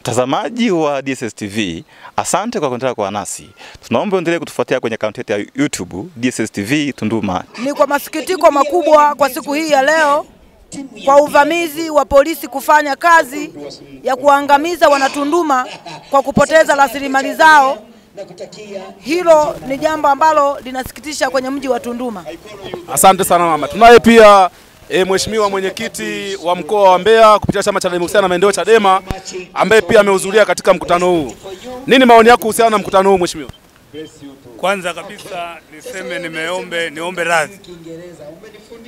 Mtazamaji wa DSS TV, asante kwa kuendelea kuwa nasi. Tunaomba uendelee kutufuatia kwenye akaunti yetu ya YouTube DSS TV Tunduma. Ni kwa masikitiko makubwa kwa siku hii ya leo kwa uvamizi wa polisi kufanya kazi ya kuangamiza wanatunduma kwa kupoteza rasilimali zao. Hilo ni jambo ambalo linasikitisha kwenye mji wa Tunduma. Asante sana mama. Tunaye pia e, Mheshimiwa mwenyekiti wa mkoa wa Mbeya kupitia chama cha demokrasia na maendeleo Chadema, ambaye pia amehudhuria katika mkutano huu. Nini maoni yako kuhusiana na mkutano huu mheshimiwa? Kwanza kabisa niseme nimeombe niombe radhi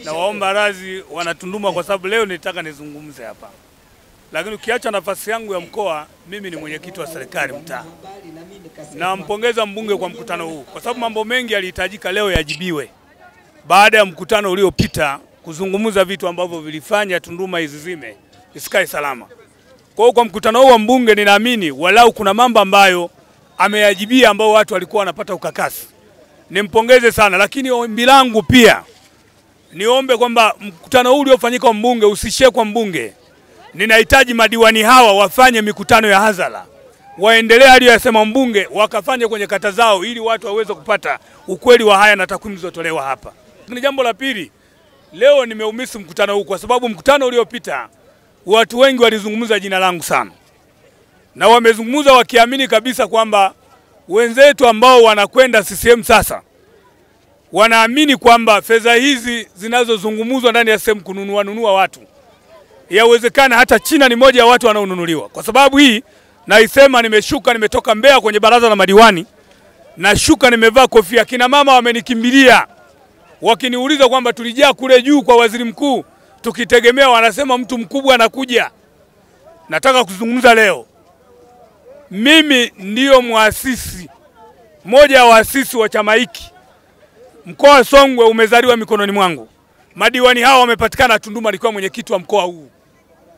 na waomba radhi Wanatunduma kwa sababu leo nilitaka nizungumze hapa, lakini ukiacha nafasi yangu ya mkoa, mimi ni mwenyekiti wa serikali mtaa. Nampongeza mbunge kwa mkutano huu, kwa sababu mambo mengi yalihitajika leo yajibiwe baada ya mkutano uliopita kuzungumza vitu ambavyo vilifanya Tunduma izizime isikae salama. Kwa hiyo kwa mkutano huu wa mbunge, ninaamini walau kuna mambo ambayo ameyajibia ambao watu walikuwa wanapata ukakasi. Nimpongeze sana, lakini ombi langu pia niombe kwamba mkutano huu uliofanyika wa mbunge usishie kwa mbunge. Ninahitaji madiwani hawa wafanye mikutano ya hadhara, waendelee aliyoyasema mbunge, wakafanye kwenye kata zao, ili watu waweze kupata ukweli wa haya na takwimu zilizotolewa hapa. Ni jambo la pili, Leo nimeumisi mkutano huu kwa sababu mkutano uliopita watu wengi walizungumza jina langu sana, na wamezungumza wakiamini kabisa kwamba wenzetu ambao wanakwenda CCM sasa wanaamini kwamba fedha hizi zinazozungumzwa ndani ya CCM kununua nunua watu, yawezekana hata China ni moja ya watu wanaonunuliwa. Kwa sababu hii naisema, nimeshuka, nimetoka Mbeya kwenye baraza la madiwani, nashuka nimevaa kofia, kina mama wamenikimbilia wakiniuliza kwamba tulijaa kule juu kwa waziri mkuu tukitegemea, wanasema mtu mkubwa anakuja. Nataka kuzungumza leo, mimi ndiyo mwasisi mmoja ya waasisi wa chama hiki. Mkoa wa Songwe umezaliwa mikononi mwangu. Madiwani hawa wamepatikana. Tunduma alikuwa mwenyekiti wa mkoa huu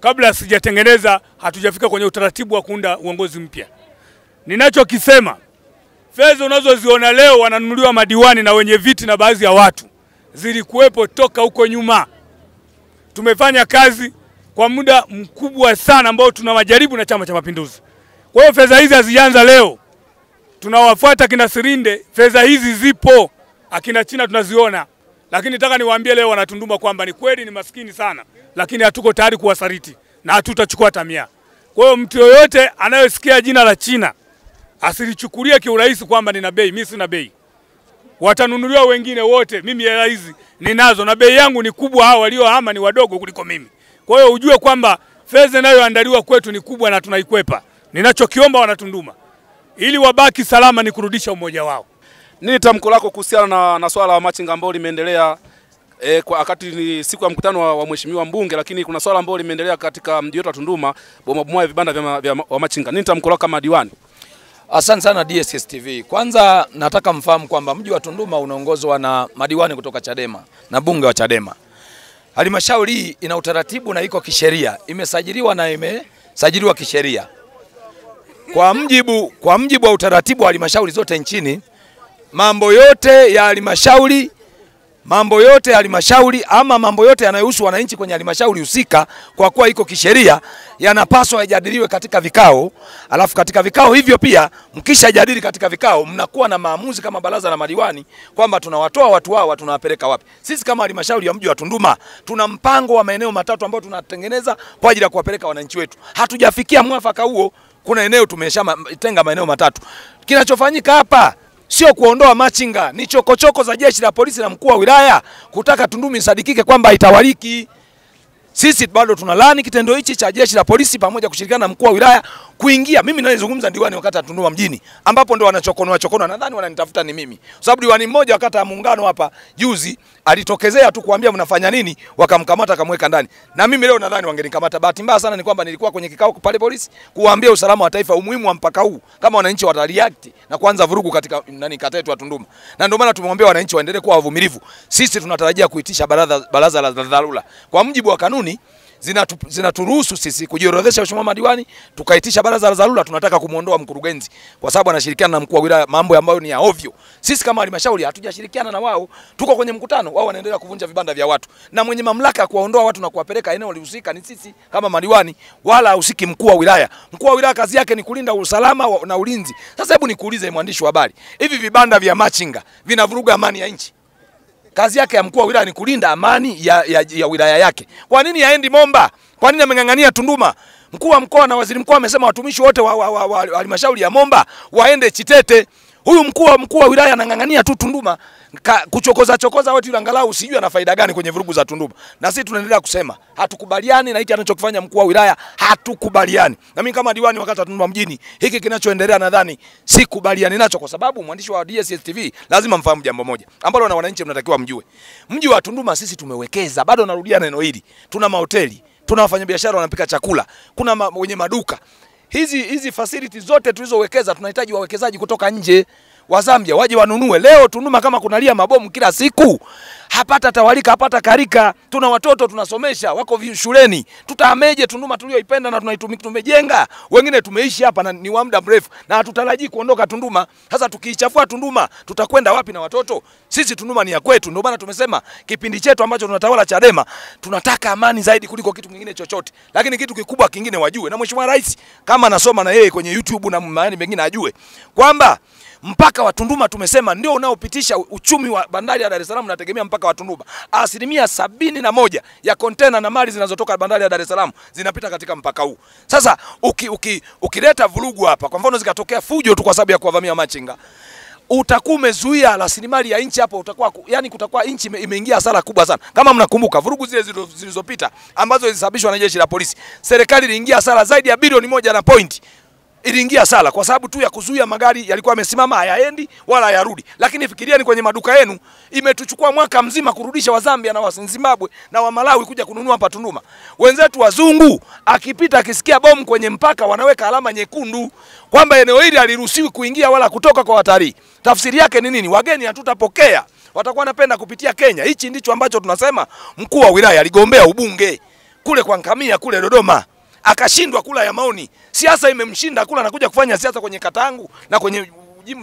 kabla sijatengeneza, hatujafika kwenye utaratibu wa kuunda uongozi mpya. Ninachokisema, fedha unazoziona leo wananunuliwa madiwani na wenye viti na baadhi ya watu zilikuwepo toka huko nyuma. Tumefanya kazi kwa muda mkubwa sana ambao tuna majaribu na Chama cha Mapinduzi. Kwa hiyo fedha hizi hazianza leo, tunawafuata kina Sirinde, fedha hizi zipo, akina China tunaziona, lakini nataka niwaambie leo wanatunduma kwamba ni kweli ni maskini sana, lakini hatuko tayari kuwasaliti na hatutachukua tamia. Kwa hiyo mtu yoyote anayosikia jina la China asilichukulie kiurahisi kwamba nina bei. Mimi sina bei watanunuliwa wengine wote. Mimi hela hizi ninazo na bei yangu ni kubwa, hao waliohama ni wadogo kuliko mimi. Kwa hiyo ujue kwamba fedha inayoandaliwa kwetu ni kubwa na tunaikwepa. Ninachokiomba Wanatunduma ili wabaki salama ni kurudisha umoja wao. Nini tamko lako kuhusiana na, na swala la machinga ambao limeendelea e, kwa wakati ni siku ya mkutano wa, wa mheshimiwa mbunge, lakini kuna swala ambalo limeendelea katika mji wetu wa Tunduma, bomobomoa ya vibanda vya, vya wamachinga. Nini tamko lako kama diwani? Asante sana DSS TV. Kwanza nataka mfahamu kwamba mji wa Tunduma unaongozwa na madiwani kutoka Chadema na bunge wa Chadema. Halmashauri hii ina utaratibu na iko kisheria, imesajiliwa na imesajiliwa kisheria kwa mjibu, kwa mjibu wa utaratibu wa halmashauri zote nchini. Mambo yote ya halmashauri mambo yote ya halmashauri ama mambo yote yanayohusu wananchi kwenye halmashauri husika, kwa kuwa iko kisheria, yanapaswa yajadiliwe katika vikao. Alafu katika vikao hivyo pia mkishajadili katika vikao, mnakuwa na maamuzi kama baraza la madiwani kwamba tunawatoa watu hawa tunawapeleka wapi. Sisi kama halmashauri ya mji wa Tunduma tuna mpango wa maeneo matatu ambayo tunatengeneza kwa ajili ya kuwapeleka wananchi wetu. Hatujafikia mwafaka huo. Kuna eneo tumeshatenga maeneo matatu. Kinachofanyika hapa sio kuondoa machinga, ni chokochoko choko za jeshi la polisi na mkuu wa wilaya kutaka Tunduma isadikike kwamba itawaliki. Sisi bado tunalani kitendo hichi cha jeshi la polisi pamoja kushirikiana na mkuu wa wilaya kuingia. Mimi nalizungumza diwani wakati atunua mjini, ambapo ndo wanachokonoa chokonoa, nadhani wananitafuta ni mimi, kwa sababu diwani mmoja wa ya Muungano hapa juzi alitokezea tu kuambia mnafanya nini, wakamkamata akamweka ndani, na mimi leo nadhani wangenikamata. Bahati mbaya sana ni kwamba nilikuwa kwenye kikao pale polisi kuambia usalama wa taifa, umuhimu wa mpaka huu, kama wananchi watareact na kuanza vurugu katika nani kata yetu ya Tunduma, na ndio maana tumemwambia wananchi waendelee kuwa wavumilivu. Sisi tunatarajia kuitisha baraza, baraza la dharura kwa mujibu wa kanuni zinaturuhusu sisi kujiorodhesha, mheshimiwa madiwani, tukaitisha baraza la dharura, tunataka kumwondoa mkurugenzi kwa sababu anashirikiana na mkuu wa wilaya, mambo ambayo ni ya ovyo. Sisi kama halmashauri hatujashirikiana na wao, tuko kwenye mkutano, wao wanaendelea kuvunja vibanda vya watu, na mwenye mamlaka ya kuwaondoa watu na kuwapeleka eneo lihusika ni sisi kama madiwani, wala ahusiki mkuu wa wilaya. Mkuu wa wilaya kazi yake ni kulinda usalama na ulinzi. Sasa hebu nikuulize mwandishi wa habari, hivi vibanda vya machinga vinavuruga amani ya nchi? Kazi yake ya mkuu wa wilaya ni kulinda amani ya, ya, ya wilaya yake. Kwa nini haendi Momba? Kwa nini ameng'ang'ania Tunduma? Mkuu wa mkoa na waziri mkuu amesema watumishi wote wa halmashauri wa, wa, wa, wa, ya Momba waende Chitete. Huyu mkuu wa mkuu wa wilaya anang'ang'ania tu Tunduma kuchokoza chokoza watu yule angalau sijui ana faida gani kwenye vurugu za Tunduma. Na sisi tunaendelea kusema hatukubaliani na hiki anachokifanya mkuu wa wilaya, hatukubaliani. Na mimi kama diwani wakati wa Tunduma mjini, hiki kinachoendelea nadhani sikubaliani nacho kwa sababu mwandishi wa DSS TV lazima mfahamu jambo moja ambalo na wananchi mnatakiwa mjue. Mji wa Tunduma sisi tumewekeza, bado narudia neno hili. Tuna mahoteli, tuna wafanyabiashara wanapika chakula, kuna ma, wenye maduka, hizi hizi facility zote tulizowekeza tunahitaji wawekezaji kutoka nje wa Zambia waje wanunue. Leo Tunduma kama kunalia mabomu kila siku, hapata tawalika, hapata karika. Tuna watoto tunasomesha, wako shuleni, tutaameje Tunduma tuliyoipenda na tunaitumia, tumejenga wengine, tumeishi hapa na ni wa muda mrefu, na hatutarajii kuondoka Tunduma. Sasa tukiichafua Tunduma, tutakwenda wapi na watoto? Sisi Tunduma ni ya kwetu, ndio maana tumesema kipindi chetu ambacho tunatawala Chadema tunataka amani zaidi kuliko kitu kingine chochote, lakini kitu kikubwa kingine wajue, na Mheshimiwa Rais kama anasoma na yeye kwenye YouTube na mengine ajue kwamba mpaka Watunduma tumesema ndio unaopitisha uchumi wa bandari ya Dar es Salaam unategemea mpaka Watunduma. Asilimia sabini na moja ya kontena na mali zinazotoka bandari ya Dar es Salaam zinapita katika mpaka huu. Sasa uki, uki, ukileta vurugu hapa, kwa mfano zikatokea fujo tu kwa sababu ya kuwavamia machinga utakuwa umezuia rasilimali ya nchi hapo, utakuwa yani, kutakuwa nchi imeingia hasara kubwa sana. Kama mnakumbuka vurugu zile zilizopita ambazo zilisababishwa na jeshi la polisi, serikali iliingia hasara zaidi ya bilioni moja na pointi iliingia sala kwa sababu tu ya kuzuia magari yalikuwa yamesimama hayaendi wala hayarudi. Lakini fikirieni kwenye maduka yenu, imetuchukua mwaka mzima kurudisha wa Zambia na wa Zimbabwe na wa Malawi kuja kununua hapa Tunduma. Wenzetu wazungu akipita akisikia bomu kwenye mpaka wanaweka alama nyekundu kwamba eneo hili haliruhusiwi kuingia wala kutoka kwa watalii. Tafsiri yake ni nini? Wageni hatutapokea, watakuwa wanapenda kupitia Kenya. Hichi ndicho ambacho tunasema mkuu wa wilaya aligombea ubunge kule kwa Nkamia kule Dodoma akashindwa kula ya maoni siasa imemshinda kula, anakuja kufanya siasa kwenye katangu na kwenye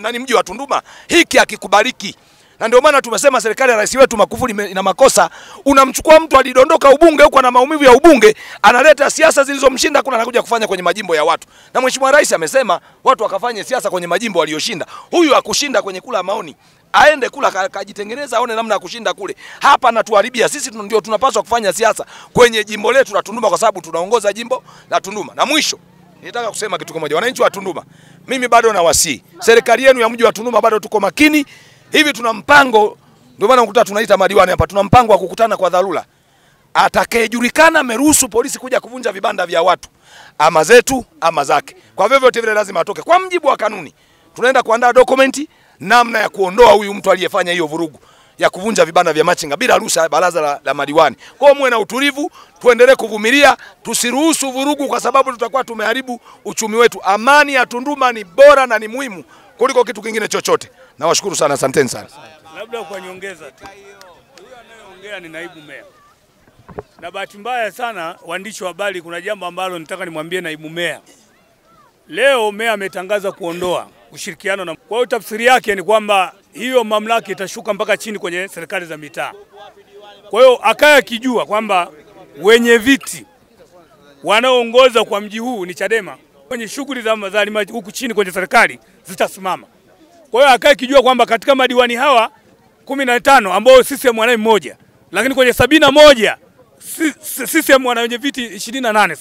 nani mji wa Tunduma. Hiki hakikubaliki na ndio maana tumesema serikali ya rais wetu Magufuli ina makosa. Unamchukua mtu alidondoka ubunge huko na maumivu ya ubunge, analeta siasa zilizomshinda kuna anakuja kufanya kwenye majimbo ya watu, na mheshimiwa rais amesema watu wakafanye siasa kwenye majimbo walioshinda. Huyu akushinda kwenye kula maoni aende kula akajitengeneza, aone namna ya kushinda kule. Hapa natuharibia sisi, ndio tunapaswa kufanya siasa kwenye jimbo letu la Tunduma, kwa sababu tunaongoza jimbo la Tunduma. Na mwisho Nitaka kusema kitu kimoja, wananchi wa Tunduma, mimi bado nawasii serikali yenu ya mji wa Tunduma, bado tuko makini. Hivi tuna mpango, ndio maana ukuta tunaita madiwani hapa, tuna mpango wa kukutana kwa dharura. Atakayejulikana ameruhusu polisi kuja kuvunja vibanda vya watu, ama zetu ama zake, kwa vyovyote vile lazima atoke kwa mjibu wa kanuni. Tunaenda kuandaa dokumenti namna ya kuondoa huyu mtu aliyefanya hiyo vurugu ya kuvunja vibanda vya machinga bila ruhusa baraza la, la madiwani. Kwa hiyo muwe na utulivu, tuendelee kuvumilia, tusiruhusu vurugu, kwa sababu tutakuwa tumeharibu uchumi wetu. Amani ya Tunduma ni bora na ni muhimu kuliko kitu kingine chochote. Nawashukuru sana, asanteni sana. Labda kwa nyongeza tu, huyo anayeongea ni naibu meya, na bahati mbaya sana, waandishi wa habari, kuna jambo ambalo nitaka nimwambie naibu meya. Leo meya ametangaza kuondoa ushirikiano na, kwa hiyo tafsiri yake ni kwamba hiyo mamlaka itashuka mpaka chini kwenye serikali za mitaa. Kwa hiyo akaya akijua kwamba wenye viti wanaoongoza kwa mji huu ni Chadema kwenye shughuli za halmashauri huku chini kwenye serikali zitasimama. Kwa hiyo akaya kijua kwamba katika madiwani hawa kumi na tano ambao CCM wanaye mmoja, lakini kwenye sabini na moja CCM mwana wenye viti ishirini na nane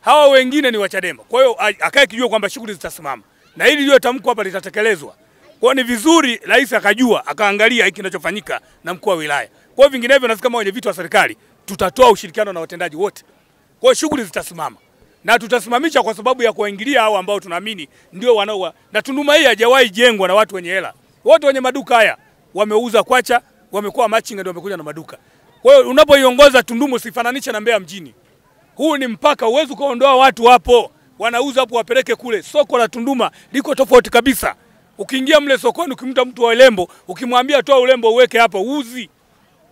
hawa wengine ni wa Chadema. Kwa hiyo akae kijua kwamba shughuli zitasimama, na hili iliyotamkwa hapa litatekelezwa. Kwa ni vizuri rais akajua akaangalia hiki kinachofanyika na mkuu wa wilaya. Kwa vinginevyo, nasi kama wenye vitu wa serikali tutatoa ushirikiano na watendaji wote, kwa shughuli zitasimama na tutasimamisha kwa sababu ya kuwaingilia hao ambao tunaamini ndio wanaoa. Na Tunduma hii hajawahi jengwa na watu wenye hela. Wote wenye maduka haya wameuza kwacha, wamekuwa machinga, ndio wamekuja na maduka. Kwa hiyo unapoiongoza Tunduma usifananisha na Mbeya mjini. Huu ni mpaka, uwezo kuondoa watu hapo wanauza hapo wapeleke kule. Soko la Tunduma liko tofauti kabisa. Ukiingia mle sokoni, ukimta mtu wa lembo, ukimwambia toa ulembo uweke hapo, uzi.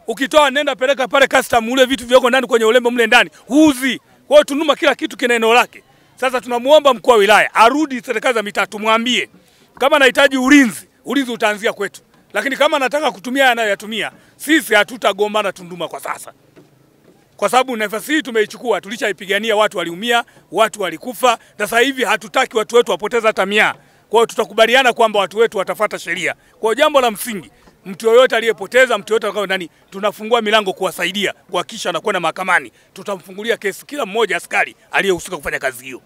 Ukitoa nenda peleka pale custom, ule vitu vyako ndani kwenye ulembo mle ndani, uzi. Kwa hiyo Tunuma kila kitu kina eneo lake. Sasa tunamuomba mkuu wa wilaya arudi serikali za mitaa, tumwambie kama anahitaji ulinzi, ulinzi utaanzia kwetu, lakini kama anataka kutumia anayoyatumia, sisi hatutagombana Tunduma kwa sasa, kwa sababu nafasi hii tumeichukua, tulishaipigania. Watu waliumia, watu walikufa. na Sasa hivi hatutaki watu wetu wapoteza hata miaa. Kwa hiyo tutakubaliana kwamba watu wetu watafata sheria. Kwa hiyo jambo la msingi, mtu yoyote aliyepoteza, mtu yoyote atakao ndani, tunafungua milango kuwasaidia kuhakikisha anakwenda mahakamani. Tutamfungulia kesi kila mmoja askari aliyehusika kufanya kazi hiyo.